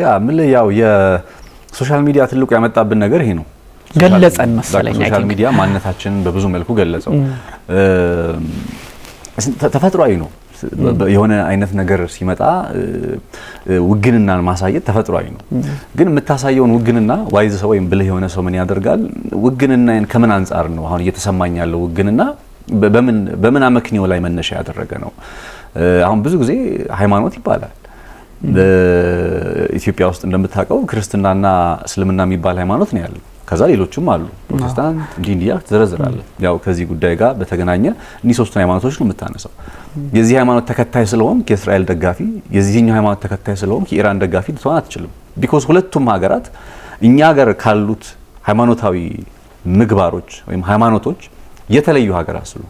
ያ ምን ያው የሶሻል ሚዲያ ትልቁ ያመጣብን ነገር ይሄ ነው። ገለጸን መሰለኝ። ሶሻል ሚዲያ ማንነታችንን በብዙ መልኩ ገለጸው። ተፈጥሯዊ ነው። የሆነ አይነት ነገር ሲመጣ ውግንናን ማሳየት ተፈጥሯዊ ነው። ግን የምታሳየውን ውግንና ዋይዝ ሰው ወይም ብልህ የሆነ ሰው ምን ያደርጋል? ውግንናን ከምን አንጻር ነው አሁን እየተሰማኝ ያለው ውግንና በምን በምን አመክንዮ ላይ መነሻ ያደረገ ነው? አሁን ብዙ ጊዜ ሃይማኖት ይባላል ኢትዮጵያ ውስጥ እንደምታውቀው ክርስትናና እስልምና የሚባል ሃይማኖት ነው ያለው። ከዛ ሌሎችም አሉ፣ ፕሮቴስታንት እንዲህ እንዲያ ትዘረዝራለህ። ያው ከዚህ ጉዳይ ጋር በተገናኘ እኒህ ሶስቱን ሃይማኖቶች ነው የምታነሳው። የዚህ ሃይማኖት ተከታይ ስለሆንክ የእስራኤል ደጋፊ፣ የዚህኛው ሃይማኖት ተከታይ ስለሆንክ የኢራን ደጋፊ ልትሆን አትችልም። ቢኮዝ ሁለቱም ሀገራት እኛ ሀገር ካሉት ሃይማኖታዊ ምግባሮች ወይም ሃይማኖቶች የተለዩ ሀገራት ስሉ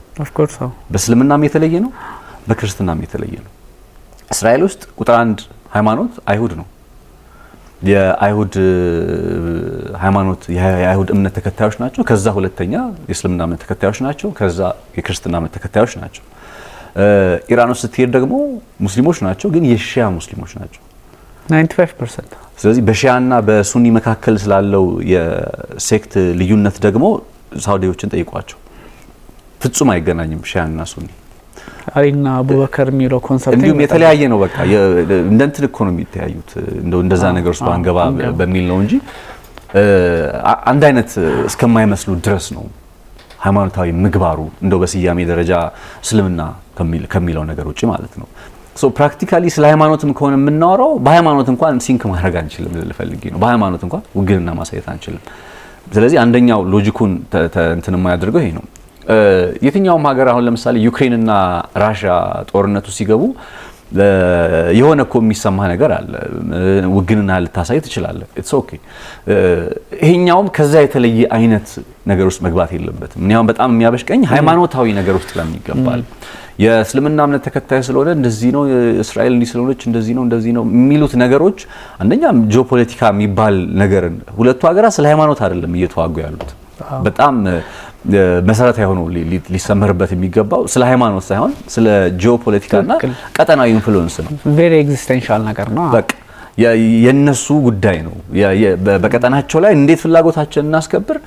በእስልምናም የተለየ ነው፣ በክርስትናም የተለየ ነው። እስራኤል ውስጥ ቁጥር አንድ ሃይማኖት አይሁድ ነው። የአይሁድ ሃይማኖት የአይሁድ እምነት ተከታዮች ናቸው። ከዛ ሁለተኛ የእስልምና እምነት ተከታዮች ናቸው። ከዛ የክርስትና እምነት ተከታዮች ናቸው። ኢራን ውስጥ ስትሄድ ደግሞ ሙስሊሞች ናቸው፣ ግን የሺያ ሙስሊሞች ናቸው። ስለዚህ በሺያና በሱኒ መካከል ስላለው የሴክት ልዩነት ደግሞ ሳውዲዎችን ጠይቋቸው፣ ፍጹም አይገናኝም ሺያና ሱኒ። አሊና አቡበከር የሚለው ኮንሰርት እንዲሁም የተለያየ ነው። በቃ እንደ እንትን እኮ ነው የሚተያዩት። እንደዛ ነገር ውስጥ ባንገባ በሚል ነው እንጂ አንድ አይነት እስከማይመስሉ ድረስ ነው ሃይማኖታዊ ምግባሩ እንደው በስያሜ ደረጃ እስልምና ከሚለው ነገር ውጭ ማለት ነው። ሶ ፕራክቲካሊ ስለ ሃይማኖትም ከሆነ የምናወራው በሃይማኖት እንኳን ሲንክ ማድረግ አንችልም ልፈልግ ነው። በሃይማኖት እንኳን ውግንና ማሳየት አንችልም። ስለዚህ አንደኛው ሎጂኩን እንትን የማያደርገው ይሄ ነው። የትኛውም ሀገር አሁን ለምሳሌ ዩክሬንና ራሻ ጦርነቱ ሲገቡ የሆነ እኮ የሚሰማ ነገር አለ። ውግንና ልታሳይ ትችላለህ። ኢትስ ኦኬ። ይሄኛውም ከዛ የተለየ አይነት ነገር ውስጥ መግባት የለበትም። እኔ በጣም የሚያበሽቀኝ ሃይማኖታዊ ነገር ውስጥ ለምን ይገባል? የእስልምና እምነት ተከታይ ስለሆነ እንደዚህ ነው፣ እስራኤል እንዲህ ስለሆነች እንደዚህ ነው፣ እንደዚህ ነው የሚሉት ነገሮች አንደኛ ጂኦፖለቲካ የሚባል ነገርን ሁለቱ ሀገራት ስለ ሃይማኖት አይደለም እየተዋጉ ያሉት በጣም መሰረታዊ የሆኑ ሊሰመርበት የሚገባው ስለ ሃይማኖት ሳይሆን ስለ ጂኦፖለቲካና ቀጠናዊ ኢንፍሉዌንስ ነው። ቬሪ ኤግዚስተንሻል ነገር ነው። በቃ የነሱ ጉዳይ ነው። በቀጠናቸው ላይ እንዴት ፍላጎታችን እናስከብር፣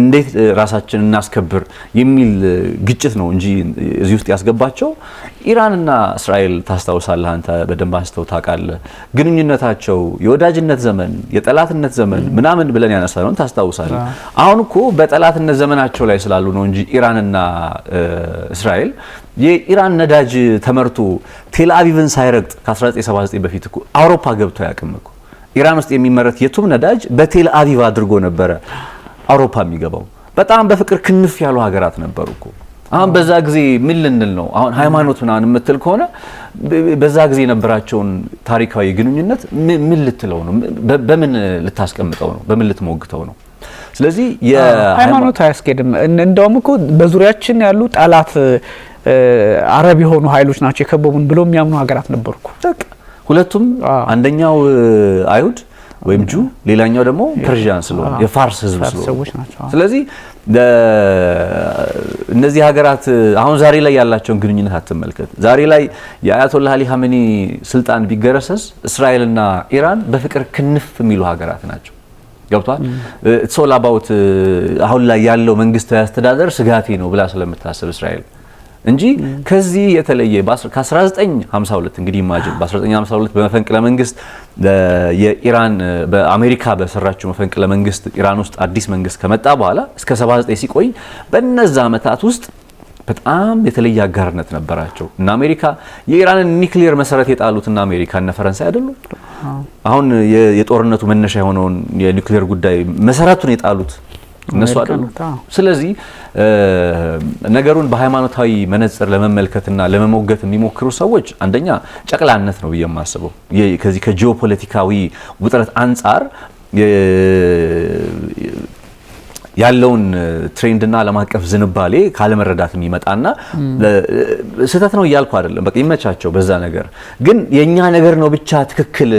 እንዴት ራሳችን እናስከብር የሚል ግጭት ነው እንጂ እዚህ ውስጥ ያስገባቸው። ኢራንና እስራኤል ታስታውሳለህ፣ አንተ በደንብ አንስተው ታውቃለህ። ግንኙነታቸው የወዳጅነት ዘመን፣ የጠላትነት ዘመን ምናምን ብለን ነው ታስታውሳለህ። አሁን እኮ በጠላትነት ዘመናቸው ላይ ስላሉ ነው እንጂ ኢራንና እስራኤል የኢራን ነዳጅ ተመርቶ ቴልአቪቭን ሳይረግጥ ከ1979 በፊት እኮ አውሮፓ ገብቶ አያውቅም እኮ። ኢራን ውስጥ የሚመረት የቱም ነዳጅ በቴልአቪቭ አድርጎ ነበረ አውሮፓ የሚገባው። በጣም በፍቅር ክንፍ ያሉ ሀገራት ነበሩ እኮ። አሁን በዛ ጊዜ ምን ልንል ነው? አሁን ሃይማኖት ምናምን የምትል ከሆነ በዛ ጊዜ የነበራቸውን ታሪካዊ ግንኙነት ምን ልትለው ነው? በምን ልታስቀምጠው ነው? በምን ልትሞግተው ነው? ስለዚህ ሃይማኖት አያስኬድም። እንደውም እኮ በዙሪያችን ያሉ ጠላት አረብ የሆኑ ኃይሎች ናቸው የከበቡን ብሎ የሚያምኑ ሀገራት ነበርኩ። ሁለቱም አንደኛው አይሁድ ወይም ጁ፣ ሌላኛው ደግሞ ፐርዣን ስለሆነ የፋርስ ህዝብ ስለሆነ ስለዚህ እነዚህ ሀገራት አሁን ዛሬ ላይ ያላቸውን ግንኙነት አትመልከት። ዛሬ ላይ የአያቶላ አሊ ሀመኒ ስልጣን ቢገረሰስ እስራኤልና ኢራን በፍቅር ክንፍ የሚሉ ሀገራት ናቸው። ገብቷል። ሶላባውት አባውት አሁን ላይ ያለው መንግስታዊ አስተዳደር ስጋቴ ነው ብላ ስለምታስብ እስራኤል እንጂ ከዚህ የተለየ ከ1952 እንግዲህ ማጅን በ1952 በመፈንቅለ መንግስት የኢራን በአሜሪካ በሰራችው መፈንቅለ መንግስት ኢራን ውስጥ አዲስ መንግስት ከመጣ በኋላ እስከ 79 ሲቆይ በነዛ ዓመታት ውስጥ በጣም የተለየ አጋርነት ነበራቸው እና አሜሪካ የኢራንን ኒክሊየር መሰረት የጣሉት እና አሜሪካ እና ፈረንሳይ አይደሉም። አሁን የጦርነቱ መነሻ የሆነውን የኒክሌር ጉዳይ መሰረቱን የጣሉት እነሱ አይደሉ። ስለዚህ ነገሩን በሃይማኖታዊ መነጽር ለመመልከትና ለመሞገት የሚሞክሩ ሰዎች አንደኛ ጨቅላነት ነው ብዬ የማስበው ከዚህ ከጂኦፖለቲካዊ ውጥረት አንጻር ያለውን ትሬንድና ዓለም አቀፍ ዝንባሌ ካለመረዳት የሚመጣና ስህተት ነው እያልኩ አይደለም። በቃ ይመቻቸው በዛ ነገር። ግን የእኛ ነገር ነው ብቻ ትክክል፣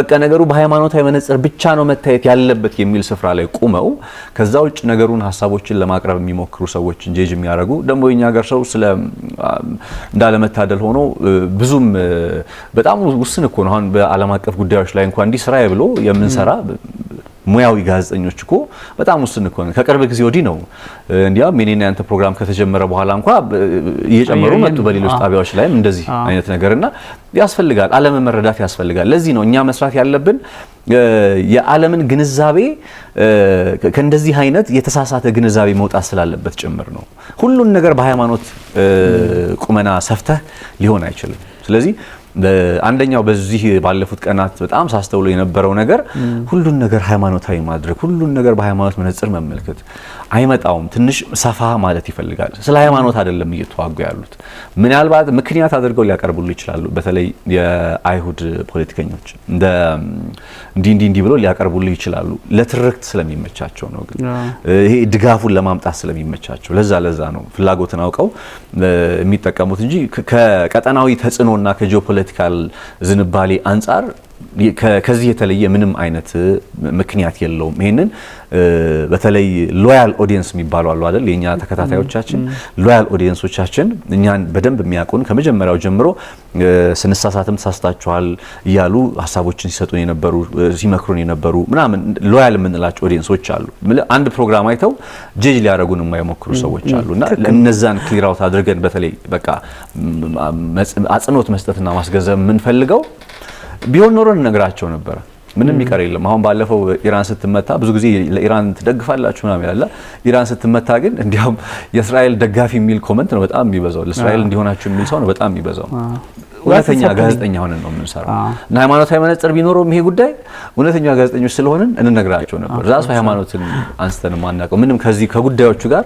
በቃ ነገሩ በሃይማኖታዊ መነጽር ብቻ ነው መታየት ያለበት የሚል ስፍራ ላይ ቁመው ከዛ ውጭ ነገሩን ሀሳቦችን ለማቅረብ የሚሞክሩ ሰዎች እንጄጅ የሚያደርጉ ደግሞ የኛ ሀገር ሰው ስለ እንዳለመታደል ሆኖ ብዙም በጣም ውስን እኮ ነው። አሁን በዓለም አቀፍ ጉዳዮች ላይ እንኳ እንዲህ ስራዬ ብሎ የምንሰራ ሙያዊ ጋዜጠኞች እኮ በጣም ውስን እኮ ከቅርብ ጊዜ ወዲህ ነው እንዲያውም የኔና ያንተ ፕሮግራም ከተጀመረ በኋላ እንኳ እየጨመሩ መጡ። በሌሎች ጣቢያዎች ላይም እንደዚህ አይነት እና ያስፈልጋል፣ አለመመረዳት ያስፈልጋል። ለዚህ ነው እኛ መስራት ያለብን የዓለምን ግንዛቤ ከእንደዚህ አይነት የተሳሳተ ግንዛቤ መውጣት ስላለበት ጭምር ነው። ሁሉን ነገር በሃይማኖት ቁመና ሰፍተህ ሊሆን አይችልም። ስለዚህ አንደኛው በዚህ ባለፉት ቀናት በጣም ሳስተውሎ የነበረው ነገር ሁሉን ነገር ሃይማኖታዊ ማድረግ፣ ሁሉን ነገር በሃይማኖት መነጽር መመልከት አይመጣውም። ትንሽ ሰፋ ማለት ይፈልጋል። ስለ ሃይማኖት አይደለም እየተዋጉ ያሉት። ምናልባት ምክንያት አድርገው ሊያቀርቡሉ ይችላሉ። በተለይ የአይሁድ ፖለቲከኞች እንደ እንዲ እንዲ እንዲህ ብለው ሊያቀርቡሉ ይችላሉ። ለትርክት ስለሚመቻቸው ነው። ግን ይሄ ድጋፉን ለማምጣት ስለሚመቻቸው ለዛ ለዛ ነው ፍላጎትን አውቀው የሚጠቀሙት እንጂ ከቀጠናዊ ተጽዕኖና ከጂኦፖለቲ ፖለቲካል ዝንባሌ አንጻር ከዚህ የተለየ ምንም አይነት ምክንያት የለውም። ይሄንን በተለይ ሎያል ኦዲየንስ የሚባሉ አሉ አይደል? የእኛ ተከታታዮቻችን ሎያል ኦዲየንሶቻችን እኛን በደንብ የሚያውቁን ከመጀመሪያው ጀምሮ ስንሳሳትም ተሳስታችኋል እያሉ ሀሳቦችን ሲሰጡን የነበሩ ሲመክሩን የነበሩ ምናምን ሎያል የምንላቸው ኦዲየንሶች አሉ። አንድ ፕሮግራም አይተው ጄጅ ሊያደረጉን የማይሞክሩ ሰዎች አሉ እና እነዛን ክሊር አውት አድርገን በተለይ በቃ አጽንኦት መስጠትና ማስገንዘብ የምንፈልገው ቢሆን ኖሮ እንነግራቸው ነበረ። ምንም ይቀር የለም። አሁን ባለፈው ኢራን ስትመታ ብዙ ጊዜ ለኢራን ትደግፋላችሁ ምናምን ያለ ኢራን ስትመታ ግን እንዲያውም የእስራኤል ደጋፊ የሚል ኮመንት ነው በጣም የሚበዛው። ለእስራኤል እንዲሆናችሁ የሚል ሰው ነው በጣም የሚበዛው። እውነተኛ ጋዜጠኛ ሆነን ነው የምንሰራው እና ሃይማኖታዊ መነጽር ቢኖረውም ይሄ ጉዳይ እውነተኛ ጋዜጠኞች ስለሆንን እንነግራቸው ነበር። ራሱ ሃይማኖትን አንስተን ማናውቀው ምንም ከዚህ ከጉዳዮቹ ጋር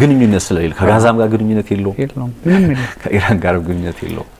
ግንኙነት ስለሌለ ከጋዛም ጋር ግንኙነት የለውም፣ ከኢራን ጋር ግንኙነት የለውም።